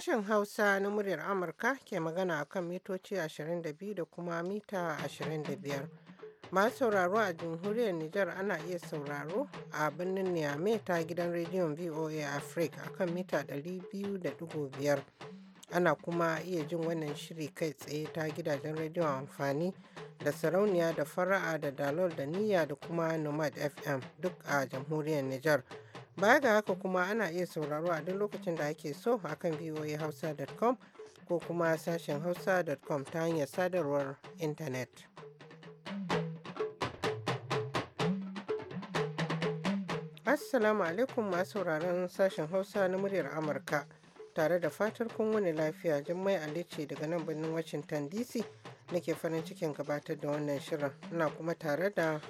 Sashen Hausa na muryar Amurka ke magana a kan mitoci 22 da kuma mita 25. Masu sauraro a jamhuriyar Nijar ana iya sauraro a birnin Niamey ta gidan rediyon VOA Africa a kan mita 200.5. Ana kuma iya jin wannan shiri kai tsaye ta gidajen rediyon amfani da sarauniya da fara'a da dalol da niyya da kuma nomad FM duk a jamhuriyar Nijar. Baya ga haka kuma ana iya sauraro a duk lokacin da ake so a kan hausa.com ko kuma sashen hausa.com ta hanyar sadarwar intanet. Assalamu alaikum masu sauraron sashen hausa na muryar Amurka tare da fatar kun wani lafiya Jummai Ali ce daga nan birnin Washington DC nake farin cikin gabatar da wannan shirin ina kuma tare da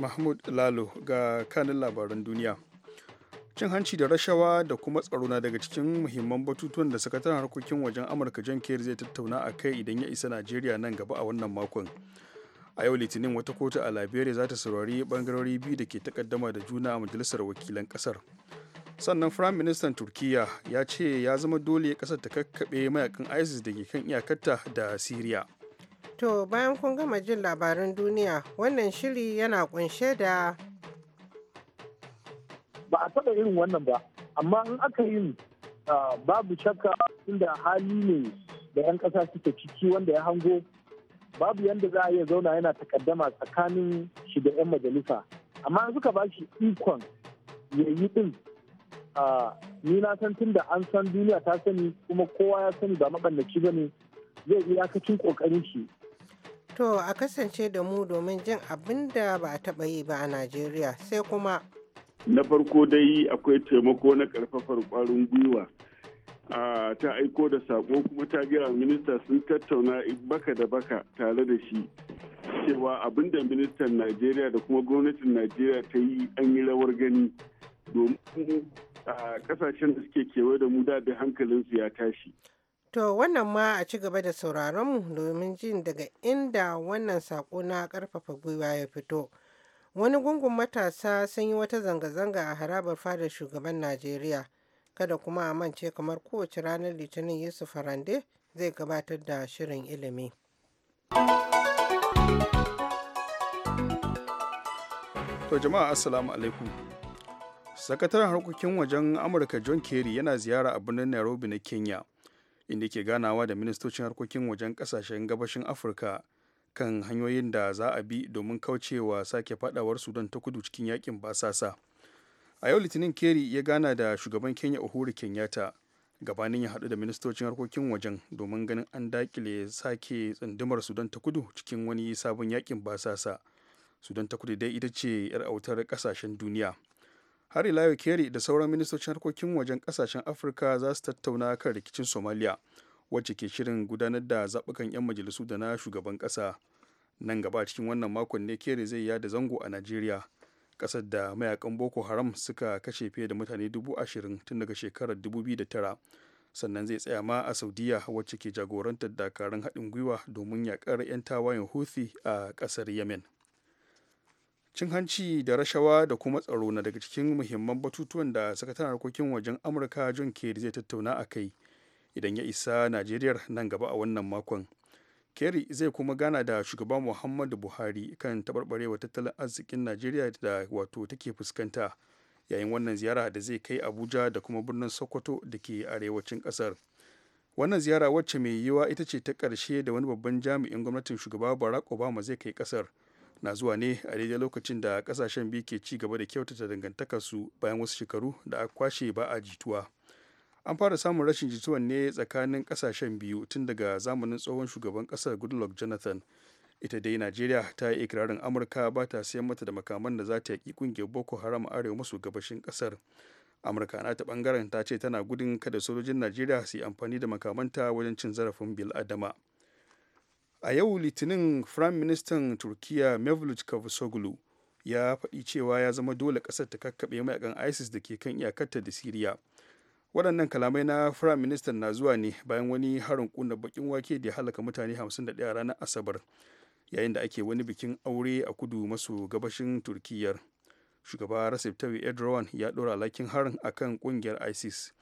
Mahmud Lalo ga kanin labaran duniya. cin hanci da rashawa da kuma tsaro na daga cikin muhimman batutuwan da sakataren harkokin wajen amurka john kerry zai tattauna a kai idan ya isa najeriya nan gaba a wannan makon a yau litinin wata kotu a liberia za ta saurari bangarori biyu da ke takaddama da juna a majalisar wakilan kasar sannan firayim ministan turkiya ya ce ya zama dole kasar ta kakkaɓe mayakan isis da ke kan iyakarta da syria to bayan kun gama jin labaran duniya wannan shiri yana kunshe da ba a taɓa irin wannan ba amma in aka yi babu shakka inda hali ne da 'yan ƙasa suke ciki wanda ya hango babu yadda za a iya zauna yana takaddama tsakanin shi da 'yan majalisa amma suka ba shi ikon ya yi ɗin ni na san tun da an san duniya ta sani kuma kowa ya sani ba maɓannaci ba ne zai iyakacin ƙoƙarin shi To a kasance da mu domin jin abin da ba a taɓa yi ba a Najeriya sai kuma na farko dai akwai taimako na karfafar kwarin gwiwa ta aiko da sako kuma ta gira minista sun tattauna baka da baka tare da shi cewa abinda ministan najeriya da kuma gwamnatin najeriya ta yi an yi rawar gani domin kasashen da suke kewaye da mu da hankalinsu ya tashi To wannan ma a ci gaba da sauraronmu domin jin daga inda wannan sako na karfafa gwiwa ya fito. Wani gungun matasa sun yi wata zanga-zanga a harabar fadar shugaban Najeriya. Kada kuma a mance kamar kowace ranar Litinin Yusuf farande zai gabatar da shirin ilimi. To jama'a assalamu alaikum. Sakataren harkokin wajen Amurka John Kerry yana ziyara a birnin Nairobi na Kenya, inda ke ganawa da ministocin harkokin wajen kasashen gabashin Afirka. kan hanyoyin da za a bi domin kaucewa sake fadawar sudan ta kudu cikin yakin basasa a yau litinin keri ya gana da shugaban kenya uhuru kenyatta gabanin ya haɗu da ministocin harkokin wajen domin ganin an dakile sake tsundumar sudan ta kudu cikin wani sabon yakin basasa sudan ta kudu dai ita ce 'yar autar kasashen duniya har ila keri da sauran ministocin harkokin wajen kasashen afirka za su tattauna kan rikicin somaliya wacce ke shirin gudanar da zaɓukan 'yan majalisu da na shugaban ƙasa nan gaba cikin wannan makon ne kere zai da zango a najeriya ƙasar da mayakan boko haram suka kashe fiye da mutane dubu ashirin tun daga shekarar 2009 sannan zai tsaya ma a saudiya wacce ke jagorantar dakarun haɗin gwiwa domin yaƙar 'yan tawayen houthi a ƙasar yemen cin hanci da rashawa da kuma tsaro na daga cikin muhimman batutuwan da sakataren harkokin wajen amurka john kerry zai tattauna a kai idan ya isa najeriya nan gaba a wannan makon kerry zai kuma gana da shugaba muhammadu buhari kan taɓarɓarewa tattalin arzikin najeriya da wato take fuskanta yayin wannan ziyara da zai kai abuja da kuma birnin sokoto da ke arewacin ƙasar wannan ziyara wacce mai yiwuwa ita ce ta ƙarshe da wani babban jami'in gwamnatin shugaba barack obama zai kai ƙasar na zuwa ne a daidai lokacin da ƙasashen biyu ke ci gaba da kyautata dangantakarsu bayan wasu shekaru da a kwashe ba a jituwa an fara samun rashin jituwan ne tsakanin kasashen biyu tun daga zamanin tsohon shugaban kasar goodluck jonathan ita dai najeriya ta yi ikirarin amurka ba ta sayan mata da makaman da za ta yaƙi ƙungiyar boko haram arewa maso gabashin kasar amurka na ta bangaren ta ce tana gudun kada sojojin najeriya su yi amfani da makamanta wajen cin zarafin bil'adama a yau litinin prime ministan turkiya mevlut cavusoglu ya faɗi cewa ya zama dole ƙasar ta kakkaɓe mayakan isis da ke kan iyakarta da siriya waɗannan kalamai na firayim ministan na zuwa ne bayan wani harin kuna bakin wake da ya halaka mutane 51 a ranar asabar yayin da ake wani bikin aure a kudu maso gabashin turkiyyar shugaba recep tayyip erdogan ya ɗora alhakin harin akan ƙungiyar isis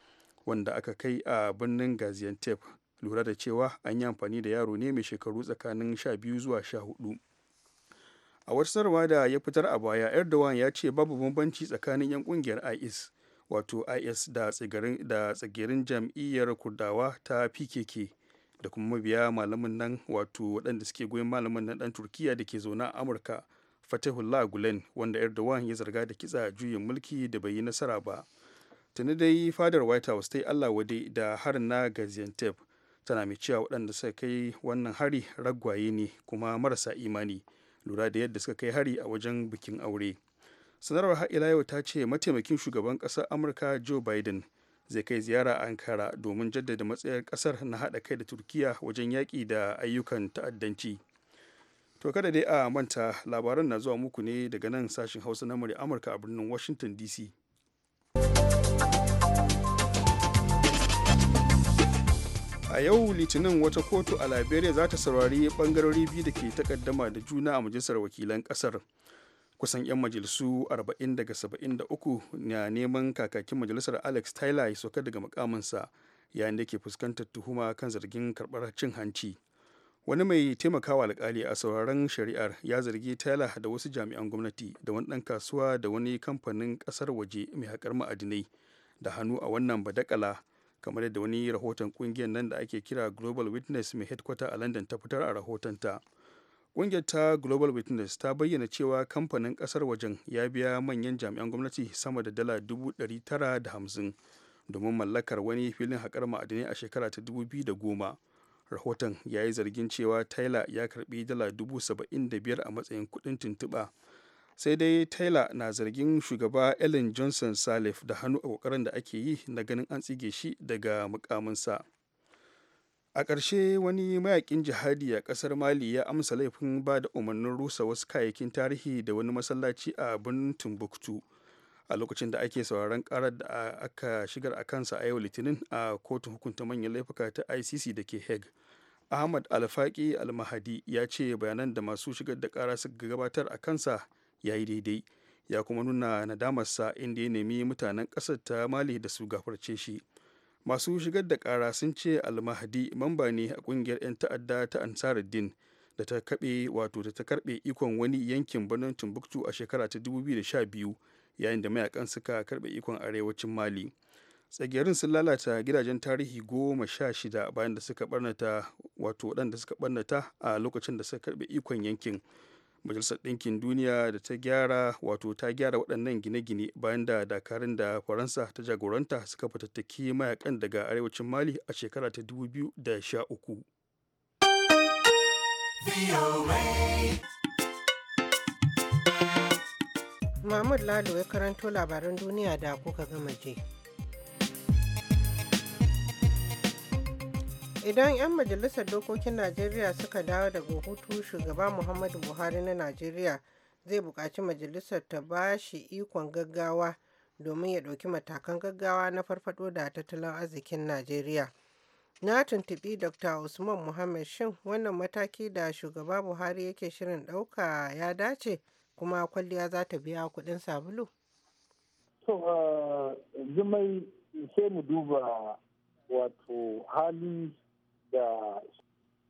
wanda aka kai a birnin gaziantep lura da cewa an yi amfani da yaro ne mai shekaru tsakanin 12 zuwa 14 a wata sarwa da ya fitar a baya erdogan ya ce babu bambanci tsakanin 'yan kungiyar is wato is da tsagirin jam'iyyar kurdawa ta pkk da kuma mabiya malamin nan wato waɗanda suke goyon malamin nan ɗan turkiya da ke zaune a amurka fatihullah gulen wanda erdogan ya zarga da kitsa juyin mulki da bai yi nasara ba tuni dai fadar white house ta yi allah wade da harin na gaziantep tana mai cewa waɗanda suka kai wannan hari ragwaye ne kuma marasa imani lura da yadda suka kai hari a wajen bikin aure sanarwar har yau ta ce mataimakin shugaban ƙasar amurka joe biden zai kai ziyara a ankara domin jaddada matsayar ƙasar na haɗa kai da turkiya wajen yaƙi da ayyukan ta'addanci to kada dai a manta labaran na zuwa muku ne daga nan sashen hausa na murya amurka a birnin washington dc a yau litinin wata kotu a liberia za ta saurari bangarori biyu da ke takaddama da juna a majalisar wakilan kasar kusan 'yan majalisu 40 daga 73 na neman kakakin majalisar alex tyler ya sauka daga makaminsa yayin da ke fuskantar tuhuma kan zargin karbar cin hanci wani mai taimakawa alkali a sauraron shari'ar ya zargi tyler da wasu jami'an gwamnati da wani dan kasuwa da wani kamfanin kasar waje mai haƙar ma'adinai da hannu a wannan badakala kamar yadda wani rahoton ƙungiyar nan da ake kira global witness mai headquarter a london ta fitar a rahotonta Ƙungiyar ta Global Witness ta bayyana cewa kamfanin ƙasar wajen ya biya manyan jami'an gwamnati sama da dala 950 domin mallakar wani filin haƙar ma'adinai a shekara ta 2010. Rahoton ya yi zargin cewa taylor ya karbi dala biyar a matsayin kuɗin tuntuɓa. Sai dai taylor na zargin shugaba Ellen Johnson Salif da hannu a ƙoƙarin da ake yi na ganin an tsige shi daga mukaminsa. a ƙarshe wani mayakin jihadi a ƙasar mali ya amsa laifin ba da umarnin rusa wasu kayayyakin tarihi da wani masallaci a birnin timbuktu a lokacin da ake sauraron karar da aka shigar a kansa a yau litinin a kotun hukunta manyan laifuka ta icc da ke hague ahmad alfaki almahadi ya ce bayanan da masu shigar da kara suka gabatar a kansa ya yi daidai ya kuma nuna nadamarsa inda ya nemi mutanen ƙasar ta mali da su gafarce shi masu shigar da kara sun ce almahadi mamba ne a kungiyar 'yan ta'adda ta ansaruddin da ta kaɓe wato da ta karɓe ikon wani yankin birnin timbuktu a shekara ta 2012 yayin da mayakan suka karɓe ikon arewacin mali tsagerin sun lalata gidajen tarihi goma sha shida bayan da suka barnata wato waɗanda suka barnata a lokacin da suka karɓe ikon yankin majalisar ɗinkin duniya da ta gyara wato ta gyara waɗannan gine-gine bayan da dakarun da faransa ta jagoranta suka fatattaki mayakan daga arewacin mali a shekara ta 2013 Mahmud Lalo ya karanto labaran duniya da kuka gama je. Idan 'yan majalisar dokokin Najeriya suka dawo daga hutu shugaba Muhammadu Buhari na Najeriya zai buƙaci majalisar ta ba shi ikon gaggawa domin ya ɗauki matakan gaggawa na farfado da tattalin arzikin Najeriya. Na tuntubi Dr. Usman Muhammad shin wannan mataki da shugaba Buhari yake shirin ɗauka ya dace kuma kwalliya za ta biya kuɗin sabulu? To, jimai ah, sai mu duba wato hali da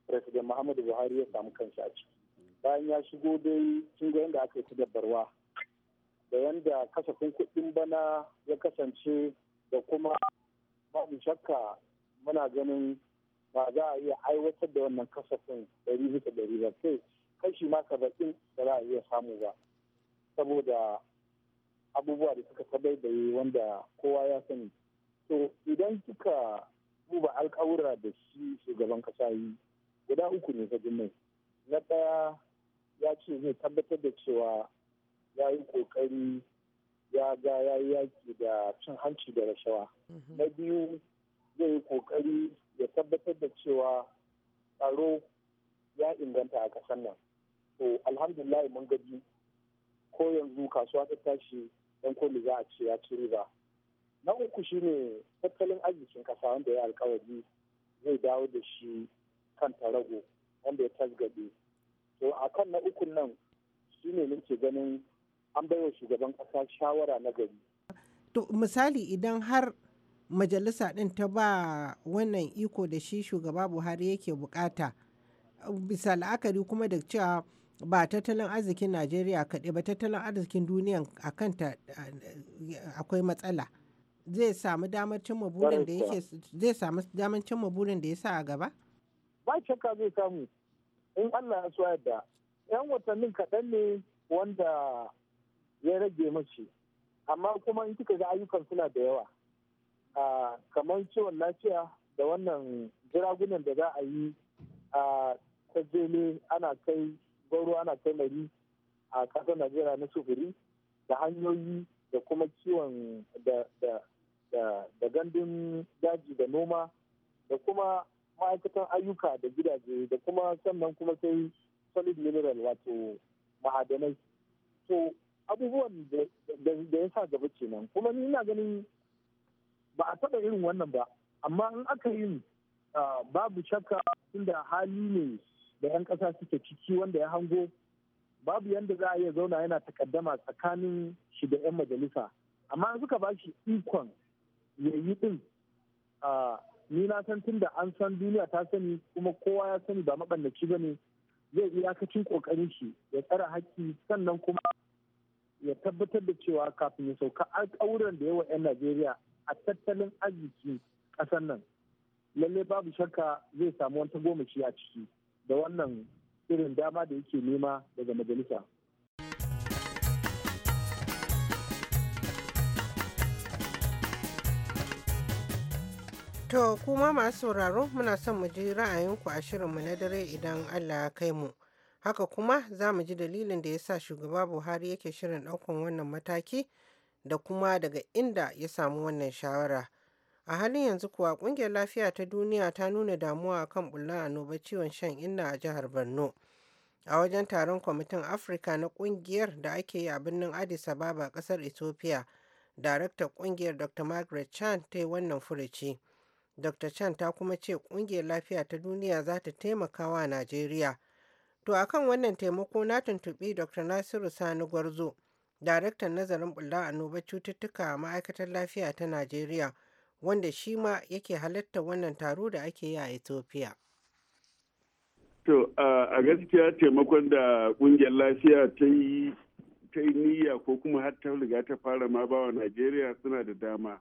president muhammadu buhari ya samu kansa a ciki bayan ya shigo dai sun ga yadda aka yi ta dabarwa da yadda kasafin kuɗin bana ya kasance da kuma babu shakka muna ganin ba za a iya aiwatar da wannan kasafin ɗari bisa ɗari ba sai kashi ma saba'in da za a iya samu ba saboda abubuwa da suka yi wanda kowa ya sani to idan kika duba alkawura da shi shugaban kasa yi guda uku ne ta mai na ɗaya ya ce zai tabbatar da cewa ya yi ƙoƙari ya ga ya yi yaki da cin hanci da rashawa mhm. na biyu zai yi ƙoƙari ya tabbatar da cewa tsaro ya inganta a kasar nan to alhamdulillah mun gaji ko yanzu kasuwa ta tashi dan koli za a ce ya ci riba na uku shine tattalin arzikin kasa wanda ya alkawari zai dawo da shi kan tarago wanda ya tasgabe to a kan na uku nan shine nake ganin an baiwa shugaban kasa shawara na gari to misali idan har majalisa ɗin ta ba wannan iko da shi shugaba buhari yake bukata bisa la'akari kuma da cewa ba tattalin arzikin najeriya kaɗai ba tattalin arzikin duniya a ta eh, akwai matsala zai samu damar cimma burin da ya sa a gaba? Ba shakka zai samu in Allah ya suwa yadda. 'Yan watannin kaɗan ne wanda ya rage mace amma kuma in kika ga ayyukan suna da yawa kamar ciwon lafiya da wannan jiragunan da za a yi a ta ana kai gauro ana kai mari a kasar najeriya na sufuri da hanyoyi da kuma ciwon da da gandun daji da noma da kuma ma'aikatan ayyuka da gidaje da kuma sannan kuma sai solid mineral wato ma'adanai to abubuwan da ya sa gaba ce nan kuma ni ina ganin ba a taɓa irin wannan ba amma in aka yi babu shakka inda hali ne da 'yan ƙasa suke ciki wanda ya hango babu yadda za a iya zauna yana takaddama tsakanin shi da 'yan majalisa amma suka ba shi ikon ya yi din ni na san tun da an san duniya ta sani kuma kowa ya sani ba maɓannaci ba ne zai iya iyakacin ƙoƙarin shi ya tsara haƙƙi sannan kuma ya tabbatar da cewa kafin ya sauka alƙawuran da yawa 'yan najeriya a tattalin arziki ƙasar nan lalle babu shakka zai samu wata shi a ciki da wannan irin dama da yake nema daga majalisa To kuma masu sauraro muna son mu ji ra'ayinku a shirinmu na dare idan Allah ya kai mu. Haka kuma za mu ji dalilin da ya sa shugaba Buhari yake shirin ɗaukan wannan mataki da kuma daga inda ya samu wannan shawara. A halin yanzu kuwa ƙungiyar lafiya ta duniya ta nuna damuwa kan bullar annobar ciwon shan inna a jihar Borno. A wajen taron kwamitin Afirka na ƙungiyar da ake yi a birnin Addis Ababa ƙasar Ethiopia, daraktar ƙungiyar Dr. Margaret Chan ta yi wannan furuci. Dr. Chan ta kuma ce ƙungiyar lafiya ta duniya za ta taimaka wa Najeriya. To akan wannan taimako na tuntuɓi Dr. Nasiru Sani Gwarzo, daraktan nazarin bulla annoba cututtuka a ma'aikatar lafiya ta Najeriya, wanda shi ma yake halatta wannan taro da ake yi a Ethiopia. To a gaskiya taimakon da ƙungiyar lafiya ta yi ta yi niyya ko kuma har ta riga ta fara ma bawa Najeriya suna da dama.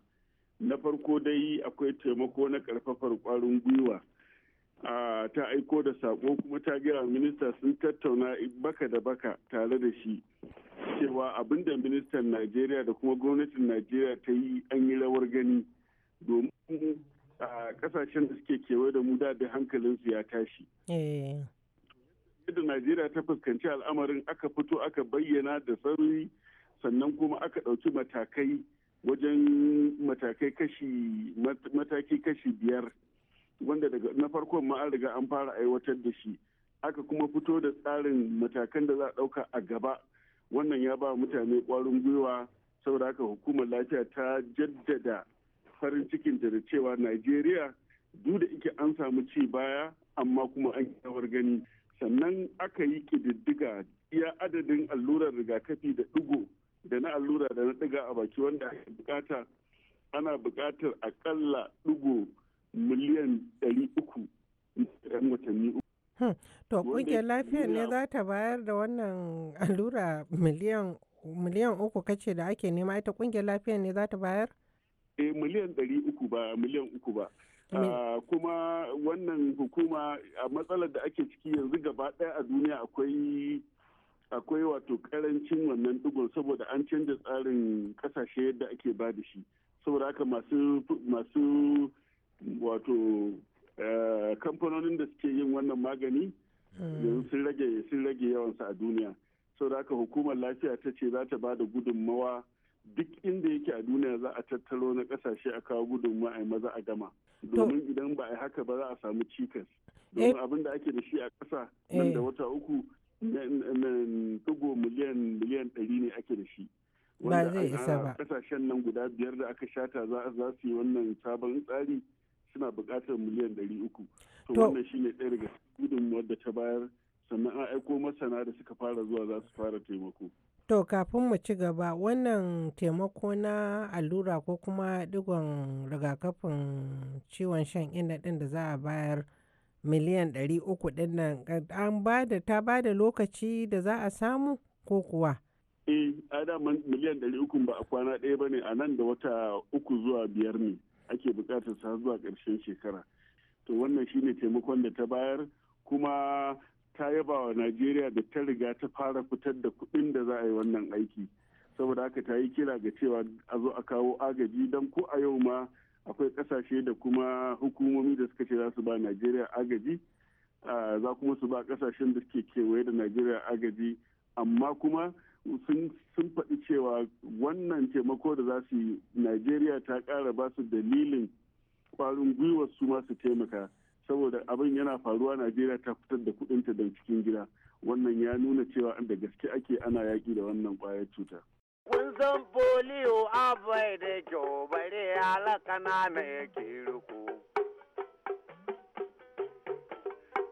na farko dai akwai taimako na karfafar kwarin gwiwa ta aiko da sako kuma ta gaya minista sun tattauna baka da baka tare da shi cewa abinda ministan najeriya da kuma gwamnatin najeriya ta yi an yi rawar gani domin a kasashen da suke kewaye da mu da hankalinsu ya tashi eh. yadda najeriya ta fuskanci al'amarin aka fito aka bayyana da sarari sannan kuma aka ɗauki matakai wajen matakai kashi mataki kashi biyar wanda daga na farko ma an riga an fara aiwatar da shi aka kuma fito da tsarin matakan da za a ɗauka a gaba wannan ya ba mutane ƙwarin gwiwa saboda haka hukumar lafiya ta jaddada farin cikinta da cewa najeriya duk da ike an samu ci baya amma kuma an kyawar gani sannan aka yi ƙididdiga iya adadin allurar rigakafi da ɗigo da na allura da na ɗiga a baki wanda ake bukata ana bukatar akalla ɗigo miliyan ɗari uku ɗan watanni uku. Hmm. To ƙungiyar lafiyar ne za ta bayar da wannan allura miliyan miliyan uku kace da ake nema ita ƙungiyar lafiyar ne za ta bayar? Eh miliyan ɗari uku ba miliyan uku ba. Ah, kuma wannan hukuma a matsalar da ake ciki yanzu gaba ɗaya a duniya akwai akwai wato karancin wannan digon saboda an canza tsarin kasashe yadda ake ba da shi saboda haka masu masu wato eh, kamfanonin da suke yin wannan magani hmm. sun rage sun rage yawansa a duniya saboda haka hukumar lafiya ta ce za ta ba da gudunmawa duk inda yake a duniya za a tattaro na kasashe a kawo gudunmawa a maza a gama domin idan ba a haka ba za a samu cikas eh. domin abin da ake da shi a ƙasa nan da eh. wata uku tugo miliyan miliyan ɗari ne ake da shi ba zai isa ba kasashen nan guda biyar da aka shata za su yi wannan sabon tsari suna buƙatar miliyan ɗari uku to wannan shine ɗaya daga gudun wadda ta bayar sannan an aiko masana da suka fara zuwa za su fara taimako to kafin mu ci gaba wannan taimako na allura ko kuma digon rigakafin ciwon shan ina ɗin da za a bayar miliyan 300 ɗin nan an ba da ta ba da lokaci da za a samu ko kuwa? Eh, adaman miliyan 300 ba a kwana ɗaya ba ne a nan da wata uku zuwa biyar ne ake buƙatar sa zuwa ƙarshen shekara. To wannan shine taimakon da ta bayar kuma ta yaba wa Najeriya da ta riga ta fara fitar da kuɗin da za a yi wannan aiki. Saboda haka ta yi kira ga cewa a zo a kawo agaji don ko a yau ma akwai kasashe da kuma hukumomi da suka ce za su ba najeriya agaji za kuma su ba kasashen da suke kewaye da najeriya agaji amma kuma sun faɗi cewa wannan taimako da za su yi najeriya ta ƙara ba su dalilin ƙwarin gwiwar su masu taimaka saboda abin yana faruwa najeriya ta fitar da kuɗinta don cikin gida wannan ya nuna cewa da gaske ake ana yaƙi da wannan ƙwayar cuta Kun san foliyo abai da kyau bare alaka na yake ruku.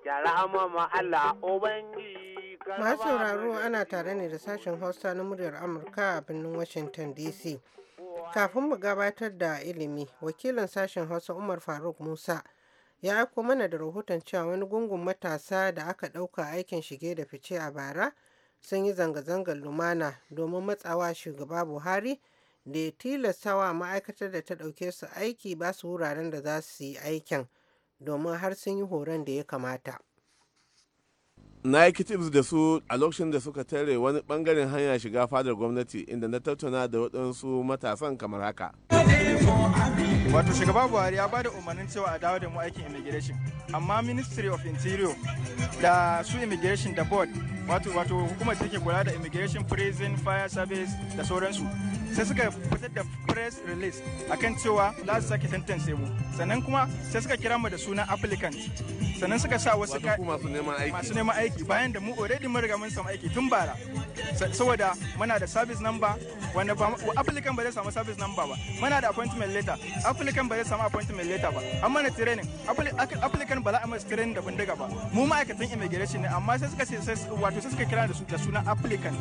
Yara Allah Ubangi. Masu sauraro ana tare ne da sashen Hausa na muryar Amurka a birnin Washington DC. Kafin mu gabatar da ilimi, wakilin sashen Hausa Umar Faruk Musa ya aiko mana da rahoton cewa wani gungun matasa da aka ɗauka aikin shige da fice a bara sun yi zanga-zangar lumana domin matsawa shugaba buhari da ya tilasta wa ma'aikatar da ta ɗauke su aiki ba su wuraren da za su yi aikin domin har sun yi horon da ya kamata na yi kitibs da su a lokacin da suka tare wani bangaren hanya shiga fadar gwamnati inda na tattauna da waɗansu matasan kamar haka wato shugaba buhari ya ba da umarnin cewa a dawo da mu aikin immigration amma ministry of interior da su immigration da board wato wato hukumar take kula da immigration prison fire service da sauransu sai suka fitar da press release akan cewa za su sake tantance mu sannan kuma sai suka kira mu da sunan applicant sannan suka sa wasu masu neman aiki bayan da mu already mun riga mun samu aiki tun bara saboda muna da service number wanda ba applicant ba zai samu service number ba muna da appointment letter applicant ba zai samu appointment letter ba amma na training applicant ba za a masa training da bindiga ba mu ma'aikatan immigration ne amma sai suka ce wato sai suka kira da sunan applicant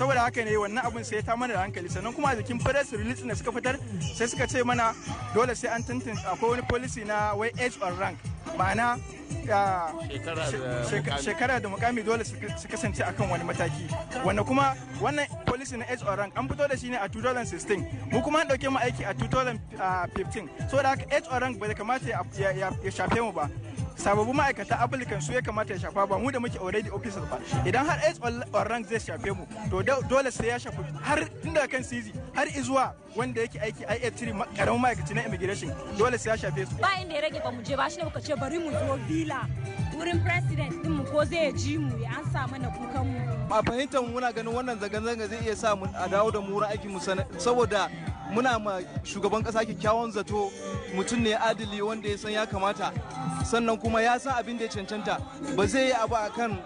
saboda haka ne wannan abin sai ta mana da hankali sannan kuma a jikin press release da suka fitar sai suka ce mana dole sai an tantance akwai wani policy na way age or rank ma'ana shekara da mukami dole su kasance akan wani mataki wanda kuma wannan policy na age or rank an fito da shi ne a 2016 mu kuma an dauke mu aiki a 2015 so da haka age or rank bai kamata ya shafe mu ba sababu ma'aikata applicant su ya kamata ya shafa ba mu da muke already officers ba idan har s on rank zai shafe mu to dole sai ya shafi har tun kan cz har izuwa wanda yake aiki ia3 karamin ma'aikaci na immigration dole sai ya shafe su ba inda ya rage ba mu je ba shi ne muka ce bari mu zo villa wurin president din mu ko zai ji mu ya an sa mana kukan mu a fahimtar muna ganin wannan zanga-zanga zai iya sa mu a dawo da mu wurin aikin mu saboda muna ma shugaban kasa kyakkyawan zato mutum ne adali wanda ya san ya kamata sannan kuma ya san abin da ya cancanta ba zai yi abu akan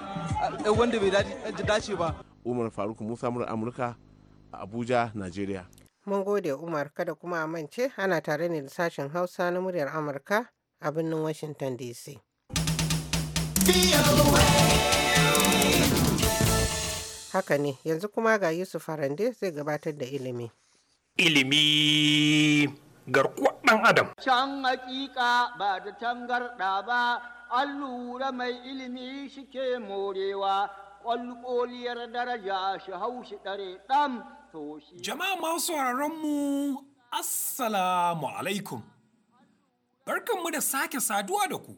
wanda bai dace ba umar faruk musa mura amurka a abuja nigeria mun gode umar kada kuma a mance ana tare ne da sashen hausa na muryar amurka a birnin washington dc haka ne yanzu kuma ga yusuf harande zai gabatar da ilimi ilimi garkuwar ɗan adam. Can hakika ba da tangarɗa ba, an lura mai ilimi shi ke morewa, ƙwalƙoliyar daraja shi haushi ɗare ɗan to shi. Jama'a masu mu Assalamu alaikum. Barkanmu da sake saduwa da ku,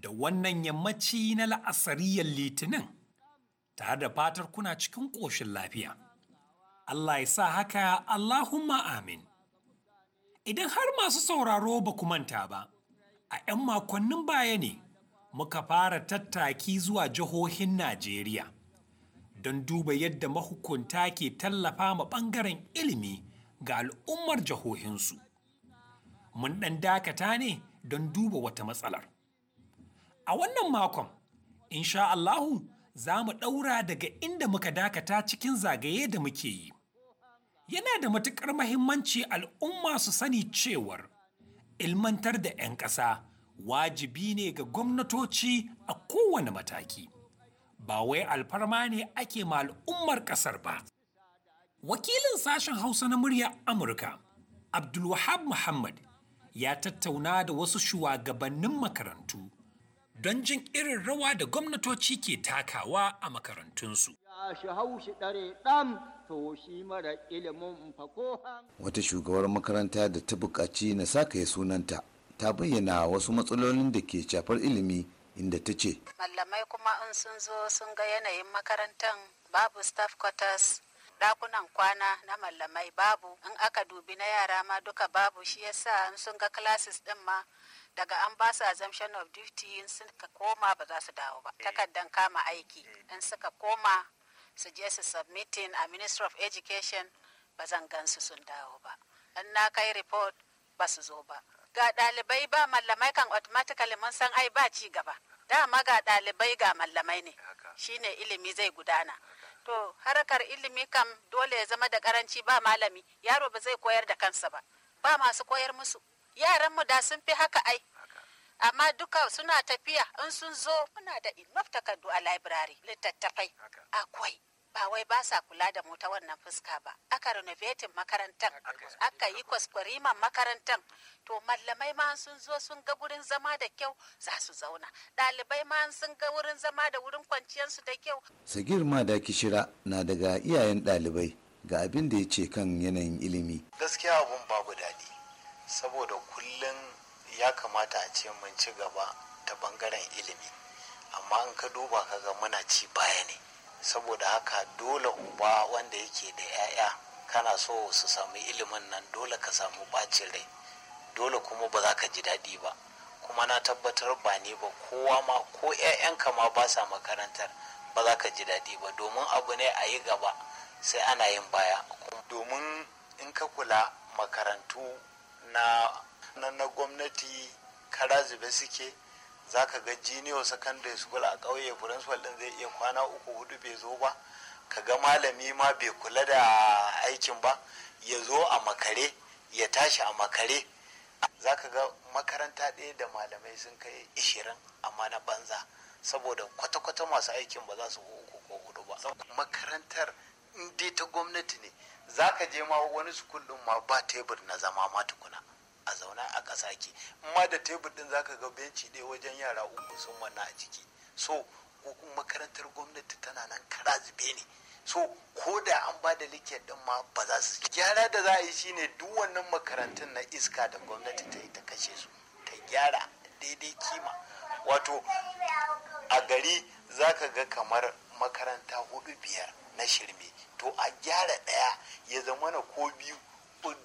da wannan yammaci na la'asariyar litinin, tare da fatar kuna cikin ƙoshin lafiya. Allah ya sa haka Allahumma amin. Idan har masu sauraro ba ku manta ba, a 'yan makonnin baya ne muka fara tattaki zuwa jihohin Najeriya don duba yadda mahukunta ke tallafa ma ɓangaren ilimi ga al'ummar jihohinsu. Mun ɗan dakata ne don duba wata matsalar. A wannan makon, insha Allahu za mu ɗaura daga inda muka dakata cikin zagaye da muke yi. Yana da matuƙar mahimmanci al'umma su sani cewar ilmantar da 'yan ƙasa wajibi ne ga gwamnatoci a kowane mataki. Ba wai alfarma ne ake ma al'ummar ƙasar ba. Wakilin sashen Hausa na murya Amurka, Abdulwahab Muhammad, ya tattauna da wasu shugabannin makarantu don jin irin rawa da gwamnatoci ke takawa a makarantunsu. Wata shugabar makaranta da ta buƙaci na saka ya sunanta ta bayyana wasu matsalolin da ke shafar ilimi inda ta ce. Mallamai kuma in sun zo sun ga yanayin makarantar babu staff quarters dakunan kwana na mallamai babu in aka dubi na yara ma duka babu shi yasa in sun ga classes ɗin ma daga an ba su assumption of duty in suka koma ba za su dawo ba eh. takardan kama aiki eh. in suka koma su je su submitting a minister of education ba zan gansu sun dawo ba in na kai report ba su zo ba ga ɗalibai ba mallamai kan automatically mun san ai ba ci gaba dama ga ɗalibai ga mallamai ne shine ilimi zai gudana to harkar ilimi kam dole ya zama da karanci ba malami yaro ba zai koyar da kansa ba ba masu koyar musu yaranmu da sun fi haka ai amma duka suna tafiya in sun zo muna da enough takardu a library littattafai akwai ba wai ba sa kula da mota wannan fuska ba aka renovating makarantar aka yi kwaskwariman makarantar to mallamai ma sun zo sun ga gurin zama da kyau za su zauna ɗalibai ma sun ga wurin zama da wurin kwanciyarsu da kyau sagir ma da kishira na daga iyayen ɗalibai ga abin da ya ce kan yanayin ilimi gaskiya abun babu daɗi saboda kullum ya kamata a ce mun ci gaba ta bangaren ilimi amma in ka duba ka ga muna ci baya ne saboda haka dole uba wanda yake da 'ya'ya kana so su sami ilimin nan dole ka samu bacin rai dole kuma ba za ka ji daɗi ba kuma na tabbatar ba ne ba kowa ma ko 'ya'yanka ma ba sa makarantar ba za ka ji daɗi ba domin abu ne a yi gaba sai ana yin baya domin in ka kula makarantu na na gwamnati kara zube suke za ka ga junior secondary school a ƙauye principal ɗin zai iya kwana uku hudu bai zo ba ka ga malami ma bai kula da aikin ba ya zo a makare ya tashi a makare za ka ga makaranta ɗaya da malamai sun kai ishirin amma na banza saboda kwata-kwata masu aikin ba za su uku ko hudu ba makarantar in dai ta gwamnati ne za ka je ma wani sukul din ma ba tebur na zama ma tukuna a zauna a ƙasa ke ma da tebur din za ka ga benci ɗaya wajen yara uku sun manna a ciki so makarantar gwamnati tana nan kara zube ne so ko da an ba da liket din ma ba za su gyara da za a yi shine duk wannan makarantun na iska da gwamnati ta yi ta kashe su ta gyara daidai kima wato a gari za ka ga kamar makaranta hudu biyar na shirme to a gyara ɗaya ya zama na ko biyu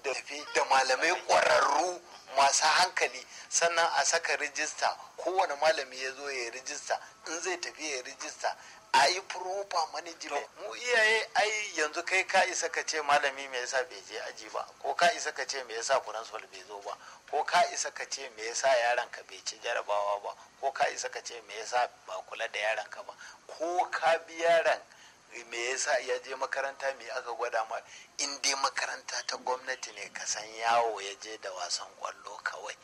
da da malamai ƙwararru masu hankali sannan a saka rijista kowane malami ya zo ya rijista in zai tafi ya rijista a yi proper management mu iyaye ai yanzu kai ka isa ka ce malami me yasa bai je aji ba ko ka isa ka ce me yasa principal bai zo ba ko ka isa ka ce me yasa yaron ka bai ci jarabawa ba ko ka isa ka ce me yasa ba kula da yaron ka ba ko ka bi yaron sa ya je makaranta mai aka gwada ma in dai makaranta ta gwamnati ne ka san yawo ya je da wasan kwallo kawai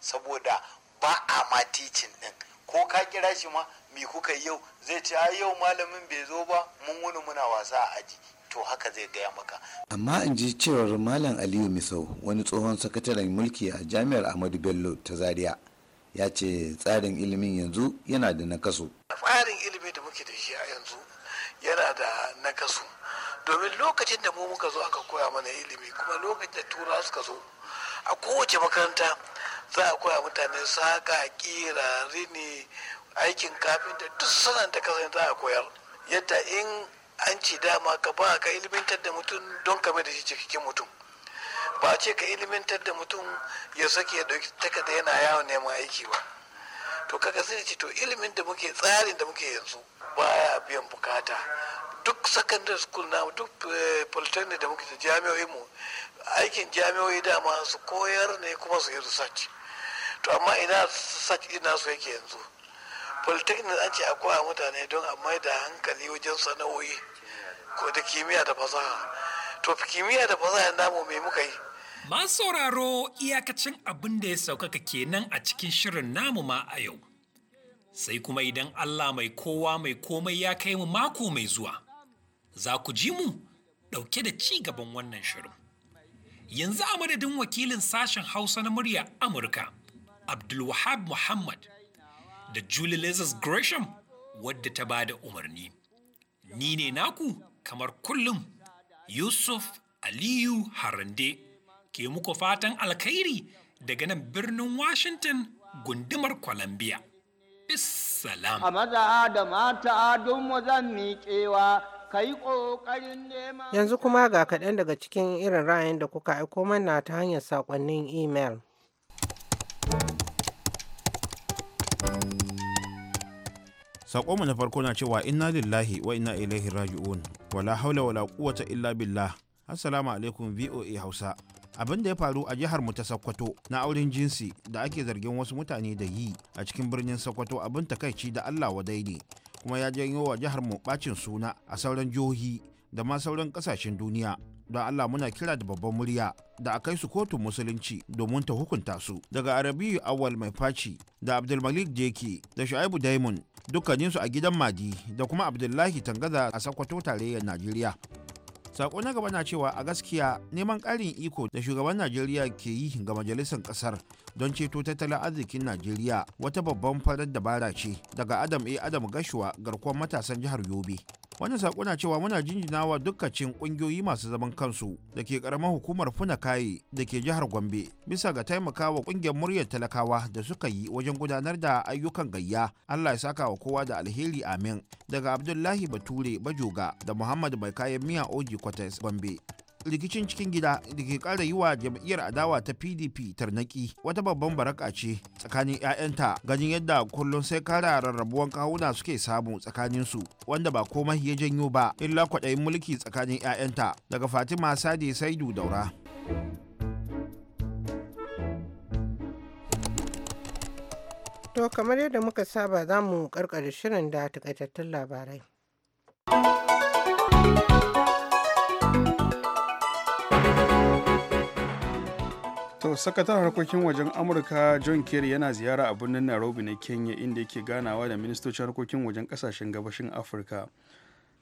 saboda ba a ma ticin din ko ka kira shi ma me kuka yau zai ce a yau malamin bai zo ba mun wuni muna wasa a aji to haka zai gaya maka amma in ji cewar malam aliyu misau wani tsohon sakataren mulki a jami'ar ahmadu bello ta zaria ya ce tsarin ilimin yanzu yana da na kaso tsarin ilimin da muke da shi a yanzu yana da nakasu domin lokacin da mu muka zo aka koya mana ilimi kuma lokacin da tura suka zo a kowace makaranta za a koya mutane saka kira rini aikin kafinta duk sanan da kasan za a koyar yadda in an ci dama ka ba ka ilimintar da mutum don ka da shi cikin mutum ba ce ka ilimintar da mutum ya sake ya ɗauki takarda yana yawon neman aiki ba to kaga sai ce to ilimin da muke tsarin da muke yanzu baya biyan bukata duk secondary school na duk eh, polytechnic da muke jami'o'i mu aikin jami'o'i dama su koyar ne kuma su yi research to amma ina research ina su yake yanzu polytechnic an ce a koya mutane don a mai da hankali wajen sana'o'i ko da kimiyya da fasaha to kimiyya da fasaha namu me muka yi Masu sauraro iyakacin abin da ya saukaka kenan a cikin shirin namu ma a yau. Sai kuma idan Allah mai kowa mai komai ya kai mu mako mai zuwa, za ku ji mu ɗauke da ci gaban wannan shirin. Yanzu a madadin wakilin sashen Hausa na murya Amurka, Abdulwahab Muhammad da Julie Lazarus Gresham wadda ta ba da umarni. Ni ne naku kamar kullum Yusuf Aliyu Harande. ke muku fatan alkhairi daga nan birnin Washington gundumar Columbia. Bissalam. A maza da mata don mu zan miƙewa Yanzu kuma ga kaɗan daga cikin irin ra'ayin da kuka aiko mana ta hanyar saƙonnin imel. Saƙonmu na farko na cewa inna lillahi wa inna ilaihi raji'un wala haula wala quwwata illa billah. Assalamu alaikum VOA Hausa. abin da ya faru a jihar mu ta Sokoto na auren jinsi da ake zargin wasu mutane da yi a cikin birnin Sokoto abin takaici da Allah wadai ne kuma ya janyo wa jihar mu bacin suna a sauran jihohi da ma sauran kasashen duniya don Allah muna kira da babban murya da a kai su kotun musulunci domin ta hukunta su daga Arabiyu Awal mai faci da Abdulmalik Jeki da Shu'aibu Diamond dukkaninsu a gidan Madi da kuma Abdullahi Tangaza a Sokoto tarayyar Najeriya. sako na gaba na cewa a gaskiya neman ƙarin iko da shugaban najeriya ke yi ga majalisar ƙasar don ceto tattalin arzikin najeriya wata babban farar dabara ce daga adam a adam gashuwa garkuwar matasan jihar yobe wannan sako na cewa muna jinjinawa dukkacin kungiyoyi masu zaman kansu da ke karamar hukumar funa kaye da ke jihar gombe bisa ga taimakawa kungiyar muryar talakawa da suka yi wajen gudanar da ayyukan gayya allah ya saka wa kowa da alheri amin daga abdullahi bature bajoga da muhammad mai kayan miya oji kwatas gombe rikicin cikin gida da ke ƙara yi wa jam'iyyar adawa ta pdp tarnaki wata babban baraka ce tsakanin 'ya'yanta ganin yadda kullum sai kara rarrabuwan kawuna suke samu tsakanin su wanda ba komai ya janyo ba illa kwaɗayin mulki tsakanin 'ya'yanta daga fatima sade saidu daura To kamar yadda muka saba za mu karkare shirin da takaitattun labarai. yau sakataren harkokin wajen amurka john kerry yana ziyara a birnin nairobi na kenya inda yake ganawa da ministocin harkokin wajen kasashen gabashin afirka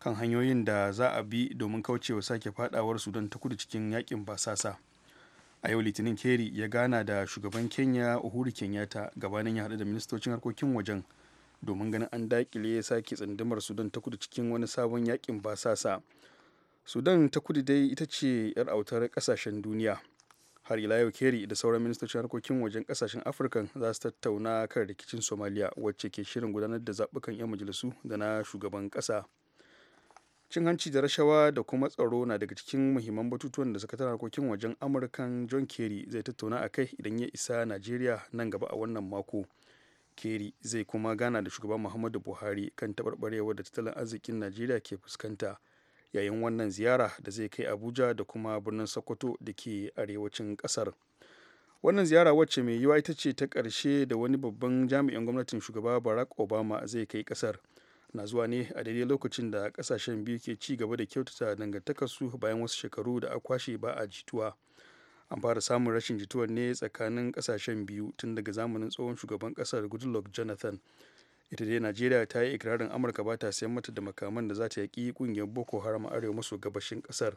kan hanyoyin da za a bi domin kaucewa sake fadawar sudan ta kudu cikin yakin basasa a yau litinin kerry ya gana da shugaban kenya uhuru kenyatta gabanin ya haɗu da ministocin harkokin wajen domin ganin an dakile ya sake tsandamar sudan ta kudu cikin wani sabon yakin basasa sudan ta kudu dai ita ce 'yar autar kasashen duniya har ila yau keri da sauran ministocin harkokin wajen kasashen afirka za su tattauna kan rikicin somaliya wacce ke shirin gudanar da zaɓukan 'yan majalisu da na shugaban ƙasa cin hanci da rashawa da kuma tsaro na daga cikin muhimman batutuwan da sakataren harkokin wajen amurkan john kerry zai tattauna a kai idan ya isa najeriya nan gaba a wannan mako kerry zai kuma gana da shugaban muhammadu buhari kan taɓarɓarewar da tattalin arzikin najeriya ke fuskanta yayin wannan ziyara da zai kai abuja da kuma birnin sokoto da ke arewacin kasar wannan ziyara wacce mai yiwa ita ce ta ƙarshe da wani babban jami'in gwamnatin shugaba barack obama zai kai kasar na zuwa ne a daidai lokacin da kasashen biyu ke ci gaba da kyautata dangantakarsu bayan wasu shekaru da a ba a jituwa an fara samun rashin jituwar ne tsakanin kasashen biyu tun daga zamanin tsohon shugaban kasar goodluck jonathan ita dai najeriya ta yi ikirarin amurka ba ta sayan mata da makaman da za ta yaƙi ƙungiyar boko haram arewa maso gabashin ƙasar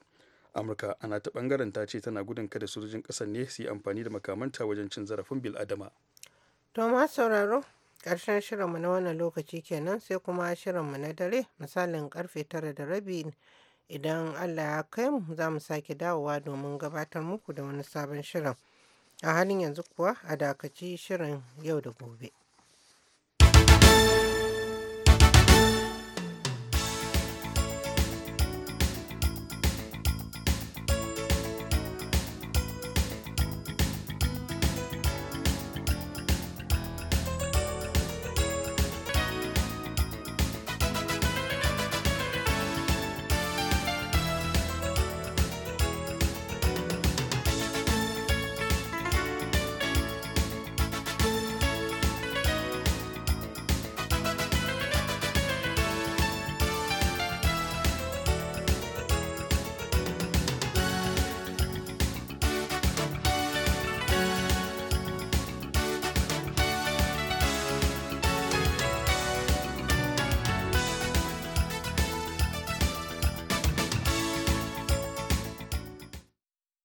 amurka ana ta ɓangaren ta ce tana gudun kada sojojin ƙasar ne su yi amfani da makamanta wajen cin zarafin bil'adama to ma sauraro ƙarshen shirinmu na wannan lokaci kenan sai kuma shirinmu na dare misalin karfe tara da rabi idan allah ya kai mu za mu sake dawowa domin gabatar muku da wani sabon shirin a halin yanzu kuwa a dakaci shirin yau da gobe.